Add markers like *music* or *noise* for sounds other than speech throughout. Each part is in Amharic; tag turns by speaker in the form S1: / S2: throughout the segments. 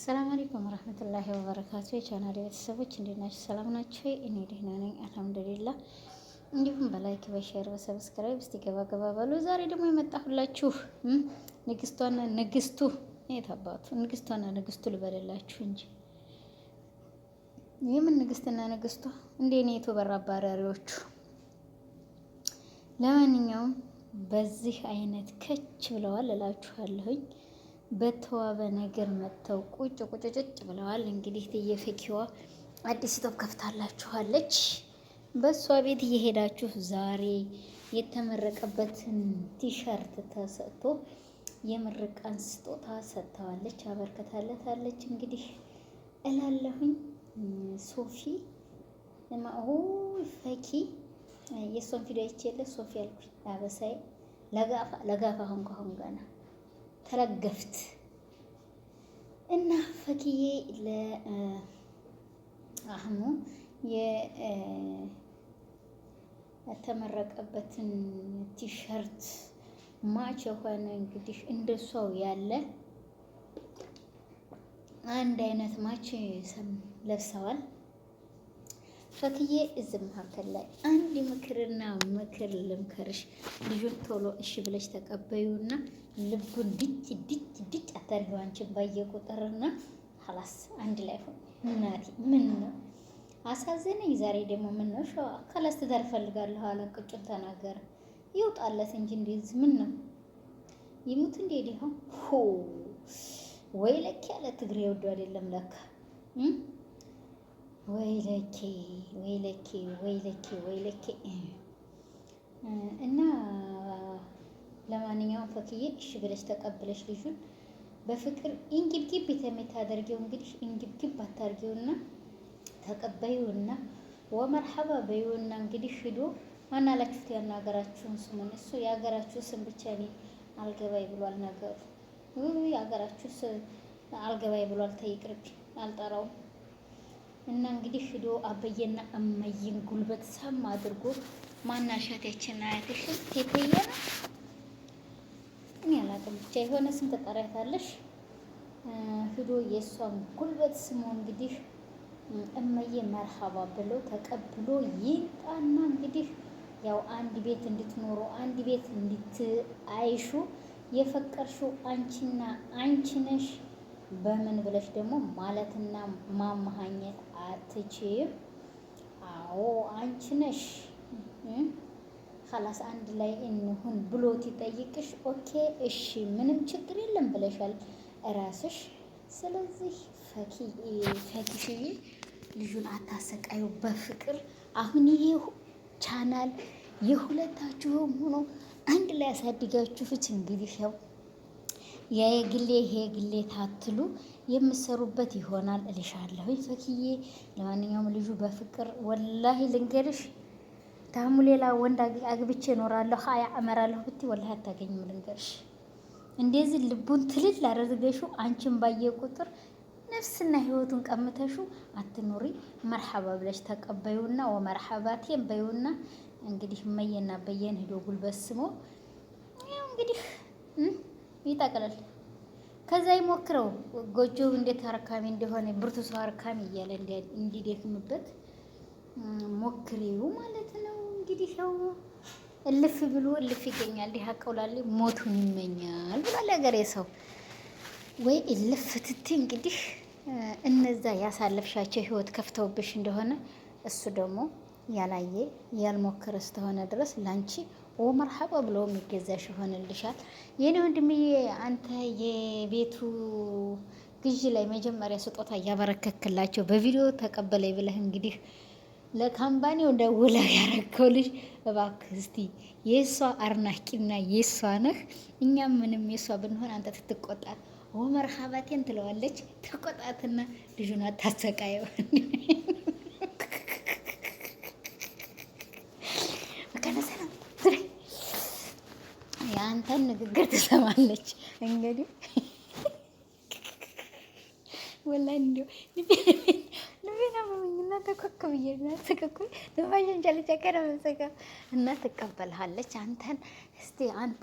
S1: ሰላም አለይኩም ወራህመቱላሂ ወበረካቱ። የቻናል ቤተሰቦች እንዴት ናችሁ? ሰላም ናችሁ? እኔ ደህና ነኝ አልሐምዱሊላህ። እንዲሁም በላይክ በሼር በሰብስክራይብ እስቲ ገባ ገባ በሉ። ዛሬ ደግሞ የመጣሁላችሁ ንግስቷና ንግስቱ የታባቱ ንግስቷና ንግስቱ ልበልላችሁ እንጂ የምን ንግስትና ንግስቷ እንደ እኔ ዩቱበር አባራሪዎቹ። ለማንኛውም በዚህ አይነት ከች ብለዋል እላችኋለሁኝ። በተዋበ ነገር መጥተው ቁጭ ቁጭጭጭ ብለዋል። እንግዲህ የፈኪዋ አዲስ ቶፕ ከፍታላችኋለች። በእሷ ቤት እየሄዳችሁ ዛሬ የተመረቀበትን ቲሸርት ተሰጥቶ የምርቃን ስጦታ ሰጥተዋለች፣ አበርከታለታለች። እንግዲህ እላለሁኝ ሶፊ ማሁ ፈኪ የእሷን ፊዳ ይቼለ ሶፊ ያልኩኝ አበሳይ ለጋፋ ለጋፋ አሁን ከአሁን ገና ተረገፍት እና ፈክዬ ለአህሙ የተመረቀበትን ቲሸርት ማች የሆነ እንግዲህ እንደሷው ያለ አንድ አይነት ማች ለብሰዋል። ፈትዬ እዚህ መካከል ላይ አንድ ምክርና ምክር ልምከርሽ። ልጁን ቶሎ እሺ ብለሽ ተቀበዩና ልቡን ድጭ ድጭ ድጭ አታርጊው። አንቺን ባየ ቁጥርና ሀላስ አንድ ላይ ሆነ። እናቴ ምን ነው አሳዘነኝ ዛሬ ደግሞ ምን ነው ሸዋ ከለስ ትዳር እፈልጋለሁ አለ። ቅጩን ተናገረ። ይውጣለት እንጂ እንደዚህ ምን ነው ይሙት እንዴ ዲሆ ሆ ወይ ለክ ያለ ትግሬ ወዶ አይደለም ለካ ወይ ለኬ ወይ ለኬ ወይ ለኬ ወይ ለኬ እና ለማንኛውም ፈክዬ እሺ ብለሽ ተቀብለሽ ልጁን በፍቅር እንግብግብ የምታደርጊው እንግዲህ እንግብግብ አታርጊውና ተቀበዩና ወመርሐባ በይውና እንግዲህ ሂዶ ማናላችሁት ያናገራችሁን ስሙን እሱ የሀገራችሁ ስም ብቻ እኔ አልገባይ ብሏል ነገሩ የሀገራችሁ አልገባይ ብሏል ተይቅርብ አልጠራውም እና እንግዲህ ሂዶ አበየና እመይን ጉልበት ሳም አድርጎ ማናሻት ያችን አያትሽን ቴቴየ እኔ አላውቅም ብቻ የሆነ ስም ተጠራያታለሽ። ሂዶ የእሷን ጉልበት ስሞ እንግዲህ እመዬ መርሃባ ብለው ተቀብሎ ይንጣና እንግዲህ ያው አንድ ቤት እንድትኖሩ አንድ ቤት እንድትአይሹ የፈቀርሽው አንቺና አንቺ ነሽ በምን ብለሽ ደግሞ ማለትና ማማሃኘት አትችም። አዎ አንቺ ነሽ ሀላስ አንድ ላይ እንሁን ብሎት ይጠይቅሽ ኦኬ እሺ ምንም ችግር የለም ብለሻል እራስሽ። ስለዚህ ፈኪሽዬ ልጁን አታሰቃዩ በፍቅር አሁን ይሄ ቻናል የሁለታችሁም ሆኖ አንድ ላይ ያሳድጋችሁት እንግዲህ ያው የግሌ ይሄ ግሌ ታትሉ የምሰሩበት ይሆናል እልሻለሁኝ ፈክዬ። ለማንኛውም ልጁ በፍቅር ወላሂ ልንገርሽ ታሙ ሌላ ወንድ አግብቼ እኖራለሁ ሀያ አመራለሁ ብትይ ወላሂ አታገኝም። ልንገርሽ እንደዚህ ልቡን ትልል አደርገሽው አንቺን ባየ ቁጥር ነፍስና ህይወቱን ቀምተሹ አትኖሪ መርሐባ ብለሽ ተቀበዩና ወመርሐባቴን በዩና እንግዲህ መየና በየን ሂዶ ጉልበት ስሞ እንግዲህ ይጠቅልል። ከዛ ይሞክረው ጎጆ እንዴት አርካሚ እንደሆነ ብርቱ ሰው አርካሚ እያለ እንዲደክምበት ሞክሬው ማለት ነው። እንግዲህ ሰው እልፍ ብሎ እልፍ ይገኛል። ዲህ አቀውላል ሞቱን ይመኛል ብሏል ሀገሬ ሰው ወይ እልፍ ትት እንግዲህ እነዛ ያሳለፍሻቸው ህይወት ከፍተውብሽ እንደሆነ እሱ ደግሞ ያላየ ያልሞከረ ስተሆነ ድረስ ላንቺ መርሐባ ብሎ የሚገዛሽ ይሆንልሻል። የኔ ወንድምዬ አንተ የቤቱ ግዢ ላይ መጀመሪያ ስጦታ እያበረከክላቸው በቪዲዮ ተቀበለኝ ብለህ እንግዲህ ለካምፓኒው ደውለህ ያረከው ልጅ እባክህ እስቲ የእሷ አድናቂና የእሷ ነህ፣ እኛም ምንም የእሷ ብንሆን አንተ ትትቆጣት ወመርሐባቴን ትለዋለች። ተቆጣትና ልጁን አታሰቃየው። ያንተን ንግግር ትሰማለች። እንግዲህ ወላሂ እንዲያው ልቤን አመመኝና ተኮክ ብዬና ስቅኩ ንፋሽን ጨልጨቀ ነው ምስቀ እና ትቀበልሃለች። አንተን እስቲ አንተ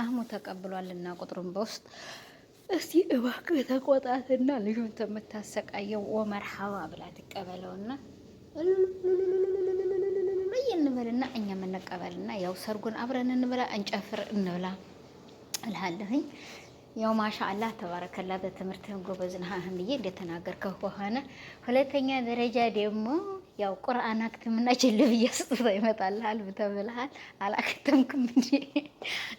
S1: አህሙ ተቀብሏልና ቁጥሩን በውስጥ እስቲ እባክህ ተቆጣትና ልጁን የምታሰቃየው ወመርሃዋ ብላ ትቀበለውና እንበልና እኛ ይቀበልና ያው ሰርጉን አብረን እንብላ፣ እንጨፍር፣ እንብላ እልሃለሁኝ። ያው ማሻ አላህ ተባረከላ በትምህርት ጎበዝ ነህ ብዬ እንደተናገርከው ከሆነ ሁለተኛ ደረጃ ደግሞ ያው ቁርአን አክትምና ችል ብዬ ስጦታ ይመጣልሃል ብተብልሃል አላክተምክም እንዴ?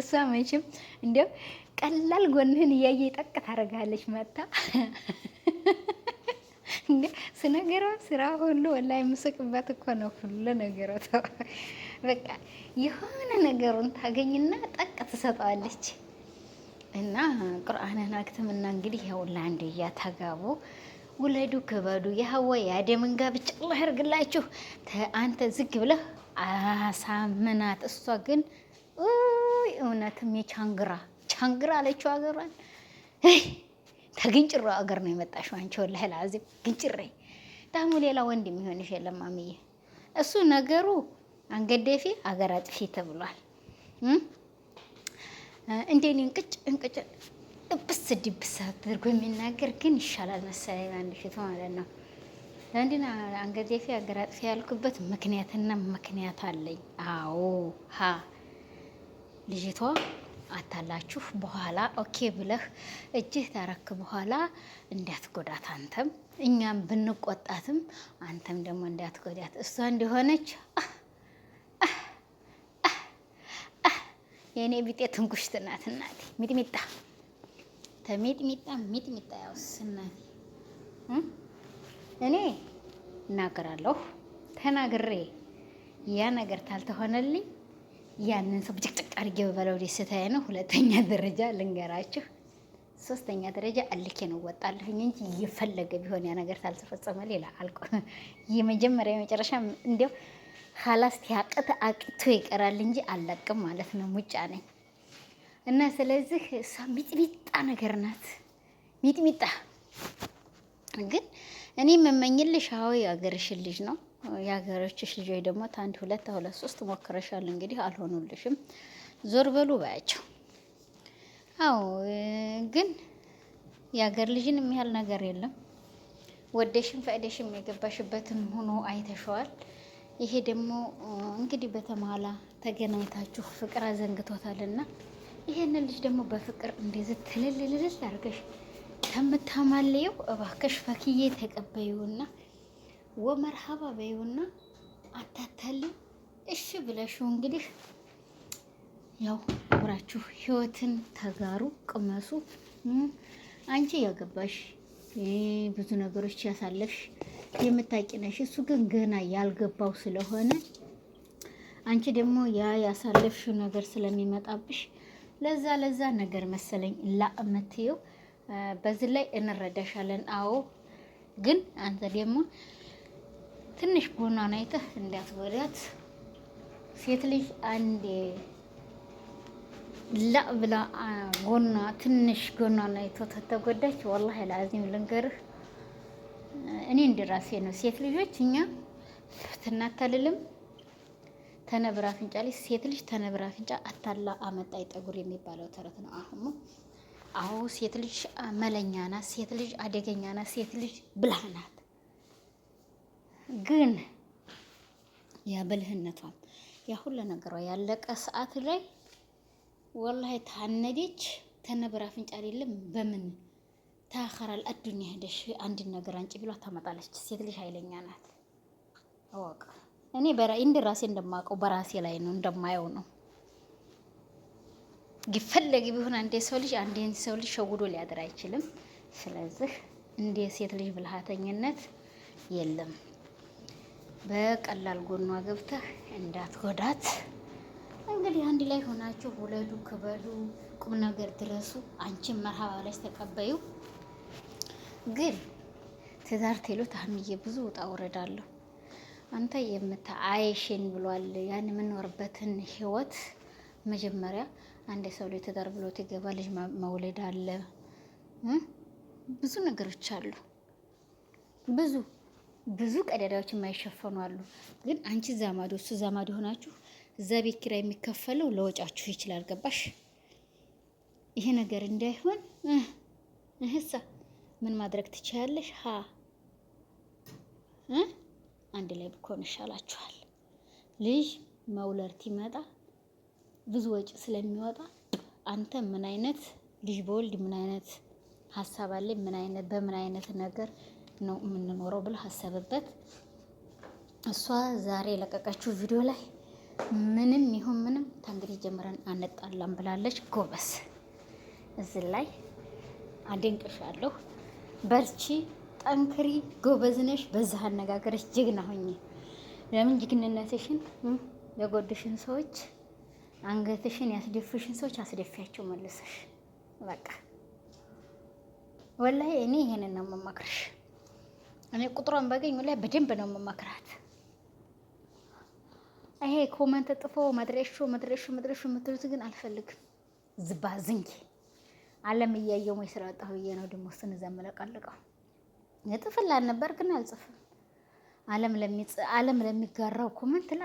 S1: እሷ መቼም እንዲያው ቀላል ጎንህን እያየ ጠቅ ታደርጋለች መታ ስነገሯ ስራ ሁሉ ወላሂ ምስቅበት እኮ ነው ሁሉ ነገሯ በቃ የሆነ ነገሩን ታገኝና ጠቅ ትሰጠዋለች። እና ቁርአንን አክትምና እንግዲህ ያው ለአንድ እያተጋቡ ውለዱ፣ ክበዱ። የሀዋ የአደምን ጋብቻ አላህ ያርግላችሁ። አንተ ዝግ ብለህ አሳምናት፣ እሷ ግን እውነትም የቻንግራ ቻንግራ አለችው ሀገሯን ተግንጭሮ አገር ነው የመጣሽው አንቺ። ወላሂ ለአዚም ግንጭሬ ዳሙ ሌላ ወንድ የሚሆንሽ የለም ማምዬ። እሱ ነገሩ አንገደፊ ደፊ አገር አጥፊ ተብሏል። እንደኔ እንቅጭ እንቅጭ ጥብስ ድብስ አድርጎ የሚናገር ግን ይሻላል መሰለኝ አንድ ፊቱ ማለት ነው። ለምንድን አንገደፊ ደፊ አገር አጥፊ ያልኩበት ምክንያትና ምክንያት አለኝ። አዎ ሀ ልጅቷ አታላችሁ በኋላ ኦኬ ብለህ እጅህ ታረክ በኋላ እንዳትጎዳት አንተም እኛም ብንቆጣትም አንተም ደግሞ እንዳትጎዳት እሷ እንደሆነች የእኔ ቢጤ ትንኩሽት ናት እናቴ። ሚጥሚጣ ተሚጥሚጣ ሚጥሚጣ ያውስ እናቴ እኔ እናገራለሁ ተናግሬ ያ ነገር ታልተሆነልኝ ያንን ሰው ብጭቅጭቅ አድርጌ በበለው ደስታዬ ነው። ሁለተኛ ደረጃ ልንገራችሁ፣ ሶስተኛ ደረጃ አልኬ ነው ወጣለሁኝ እንጂ እየፈለገ ቢሆን ያ ነገር ታልተፈጸመ ሌላ አልቆ የመጀመሪያ የመጨረሻ እንዲያው ካላስ ያቀት አቂቶ ይቀራል እንጂ አለቅም ማለት ነው። ሙጫ ነኝ እና ስለዚህ እሷ ሚጥሚጣ ነገር ናት። ሚጥሚጣ ግን እኔ የምመኝልሽ አዎ የሀገርሽን ልጅ ነው። የሀገሮችሽ ልጆች ደግሞ ታንድ ሁለት ሁለት ሶስት ሞክረሻል። እንግዲህ አልሆኑልሽም፣ ዞር በሉ ባያቸው። አዎ ግን የሀገር ልጅን የሚያህል ነገር የለም። ወደሽም ፈቅደሽም የገባሽበትን ሆኖ አይተሸዋል። ይሄ ደግሞ እንግዲህ በተማላ ተገናኝታችሁ ፍቅር አዘንግቶታል አዘንግቶታልና ይሄን ልጅ ደግሞ በፍቅር እንደዚህ ትልልልልል አድርገሽ ከምታማልየው እባክሽ ፈክዬ ተቀበዩና ወመርሃባ በዩና አታታል እሺ ብለሽው እንግዲህ ያው አብራችሁ ህይወትን ተጋሩ፣ ቅመሱ። አንቺ ያገባሽ ብዙ ነገሮች ያሳለፍሽ የምታቂ ነሽ። እሱ ግን ገና ያልገባው ስለሆነ አንቺ ደግሞ ያ ያሳለፍሽው ነገር ስለሚመጣብሽ ለዛ ለዛ ነገር መሰለኝ ላእምትየው በዚህ ላይ እንረዳሻለን። አዎ ግን አንተ ደግሞ ትንሽ ጎኗን አይተህ እንዳትጎዳት። ሴት ልጅ አንዴ ላ ብላ ጎኗ ትንሽ ጎኗን አይቶ ተተጎዳች፣ ወላሂ ለአዚም ልንገርህ እኔ እንደራሴ ነው። ሴት ልጆች እኛ ትናከልልም ተነብራ አፍንጫ ላይ ሴት ልጅ ተነብራ አፍንጫ አታላ አመጣይ ጠጉር የሚባለው ተረት ነው። አሁን አዎ ሴት ልጅ መለኛ ናት፣ ሴት ልጅ አደገኛ ናት፣ ሴት ልጅ ብልህ ናት። ግን ያ ብልህነቷም ያ ሁሉ ነገሯ ያለቀ ሰዓት ላይ ወላሂ ታነደች ተነብራ አፍንጫ አይደለም በምን ታኸራል አዱኒያ ሄደሽ አንድን ነገር አንጭ ብሏ ታመጣለች። ሴት ልጅ ኃይለኛ ናት አወቅ እኔ እንደ ራሴ እንደማውቀው በራሴ ላይ ነው እንደማየው ነው። ፈለግ ቢሆን አንዴ ሰው ልጅ አንዴን ሰው ልጅ ሸውዶ ሊያድር አይችልም። ስለዚህ እንደ ሴት ልጅ ብልሃተኝነት የለም። በቀላል ጎኗ ገብተህ እንዳትጎዳት። እንግዲህ አንድ ላይ ሆናችሁ ውለዱ፣ ክበሉ፣ ቁም ነገር ድረሱ። አንቺን መርሃባ ላይ ተቀበዩ። ግን ትዳር ቴሎት አህምዬ ብዙ ውጣ ውረዳለሁ። አንተ የምታ አይሽን ብሏል። ያን የምንኖርበትን ህይወት መጀመሪያ አንድ ሰው ላይ ትዳር ብሎት ልጅ መውለድ አለ፣ ብዙ ነገሮች አሉ፣ ብዙ ብዙ ቀዳዳዎች የማይሸፈኑ አሉ። ግን አንቺ ዛማዶ እሱ ዛማዶ ሆናችሁ እዛ ቤት ኪራይ የሚከፈለው ለወጫችሁ ይችላል። ገባሽ? ይሄ ነገር እንዳይሆን እህሳ ምን ማድረግ ትችያለሽ? ሀ አንድ ላይ ብኮን ይሻላችኋል። ልጅ መውለድ ይመጣ ብዙ ወጪ ስለሚወጣ አንተ ምን አይነት ልጅ በወልድ ምን አይነት ሀሳብ አለ፣ ምን አይነት በምን አይነት ነገር ነው የምንኖረው ብለህ ሀሰብበት። እሷ ዛሬ የለቀቀችው ቪዲዮ ላይ ምንም ይሁን ምንም ከእንግዲህ ጀምረን አንጣላም ብላለች። ጎበስ እዚህ ላይ አደንቅሻለሁ። በርቺ፣ ጠንክሪ፣ ጎበዝነሽ በዛህ አነጋገርሽ ጀግና ሆኜ ለምን ጅግንነትሽን የጎድሽን ሰዎች አንገትሽን ያስደፍሽን ሰዎች አስደፊያቸው መልሰሽ በቃ ወላሂ እኔ ይሄንን ነው የምመክርሽ። እኔ ቁጥሯን ባገኝ ወላሂ በደንብ ነው የምመክራት። ይሄ ኮመንት ጥፎ መድረሹ መድረሹ መድረሹ የምትሉት ግን አልፈልግም። ዝባ ዝንጌ አለም እያየው ወይ ስራ አጣሁ ብዬ ነው ድሞ ስንዘምለቀልቀው እጥፍን ላልነበር ግን አልጽፍም። አለም ለሚጽ አለም ለሚጋራው ኮመንት ላ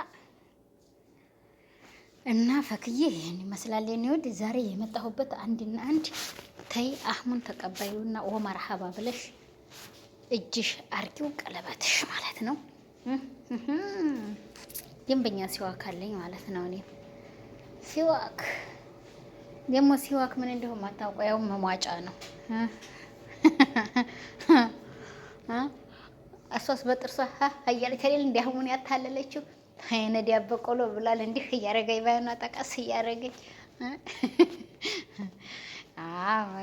S1: እና ፈክዬ ይህን ይመስላል የኔ ወድ ዛሬ የመጣሁበት አንድና አንድ ተይ አህሙን ተቀባዩና ኦማር ሀባ ብለሽ እጅሽ አርጊው ቀለበትሽ ማለት ነው። ደንበኛ ሲዋክ አለኝ ማለት ነው። እኔ ሲዋክ ደግሞ ሲዋክ ምን እንደሆነ ማታውቀ ያው መሟጫ ነው። እሷስ በጥርሷ እያለች አይደል እንዲ አህሙን ያታለለችው አይነድ ያበቆሎ ብላል እንዲህ እያረገኝ ባይሆን ጠቀስ እያረገኝ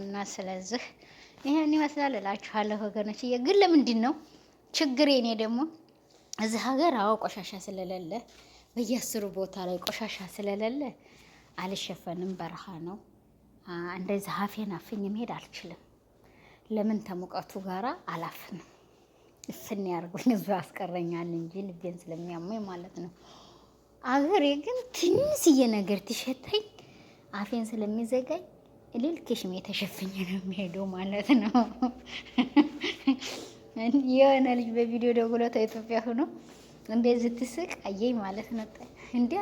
S1: እና ስለዚህ ይህን ይመስላል እላችኋለሁ ወገኖች። ግን ለምንድን ነው ችግሬ? እኔ ደግሞ እዚህ ሀገር አዎ ቆሻሻ ስለሌለ በየአስሩ ቦታ ላይ ቆሻሻ ስለሌለ አልሸፈንም፣ በረሃ ነው። እንደዚህ አፌን አፍኝ መሄድ አልችልም። ለምን ተሙቀቱ ጋራ አላፍንም። እስን ያርጉኝ እዙ አስቀረኛል እንጂ ልቤን ስለሚያመኝ ማለት ነው። አገሬ ግን ትንሽዬ ነገር ትሸተኝ አፌን ስለሚዘጋኝ ሌል ክሽሜ የተሸፍኝ ነው የሚሄደው ማለት ነው። *laughs* የሆነ ልጅ በቪዲዮ ደውሎ ኢትዮጵያ ሆኖ እንደዚህ ትስቅ አየኝ ማለት ነው። እንዲህ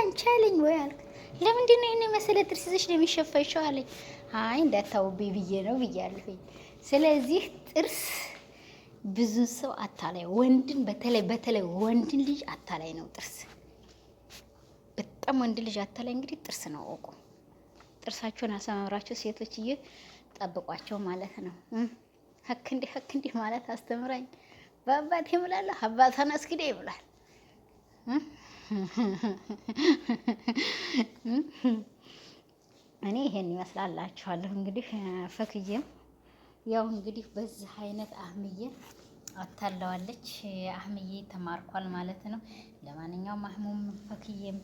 S1: አንቺ አለኝ ወይ አልክ ለምንድን ነው ይህን የመሰለ ጥርስ ይዘሽ ነው የሚሸፈሽው አለኝ። አይ እንዳታውብኝ ብዬ ነው ብያለሁኝ። ስለዚህ ጥርስ ብዙ ሰው አታላይ ወንድን በተለይ በተለይ ወንድን ልጅ አታላይ ነው ጥርስ። በጣም ወንድ ልጅ አታላይ እንግዲህ ጥርስ ነው እውቁ። ጥርሳቸውን አሰማምራቸው ሴቶች እየ ጠብቋቸው ማለት ነው። ሀክ እንዲህ ሀክ እንዲህ ማለት አስተምራኝ በአባቴ ይብላለሁ አባታን አስግዴ ይብላል እኔ ይሄን ይመስላላችኋለሁ። እንግዲህ ፈክዬም ያው እንግዲህ በዚህ አይነት አህምዬ አታለዋለች። አህምዬ ተማርኳል ማለት ነው። ለማንኛውም አህሙም ፈክዬም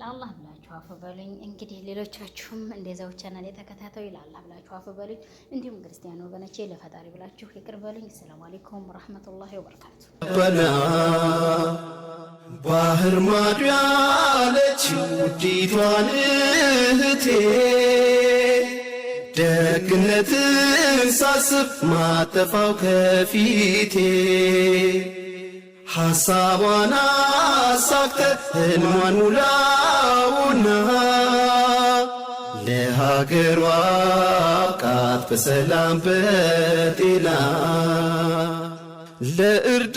S1: ለአላህ ብላችሁ አፍ በሉኝ። እንግዲህ ሌሎቻችሁም እንደዛው ቻናል የተከታተሉ ለአላህ ብላችሁ አፍ በሉኝ። እንዲሁም ክርስቲያን ወገኖቼ ለፈጣሪ ብላችሁ ይቅር በሉኝ። ሰላም አለይኩም ወራህመቱላሂ ወበረካቱ። ባህር ማዶ ያለች ውዲቷን እህቴ ደግነትን ሳስብ ማጠፋው ከፊቴ ሐሳቧን አሳክተ ሕልሟን ሙላውና ለሀገሯ አብቃት በሰላም በጤና ለእርዳ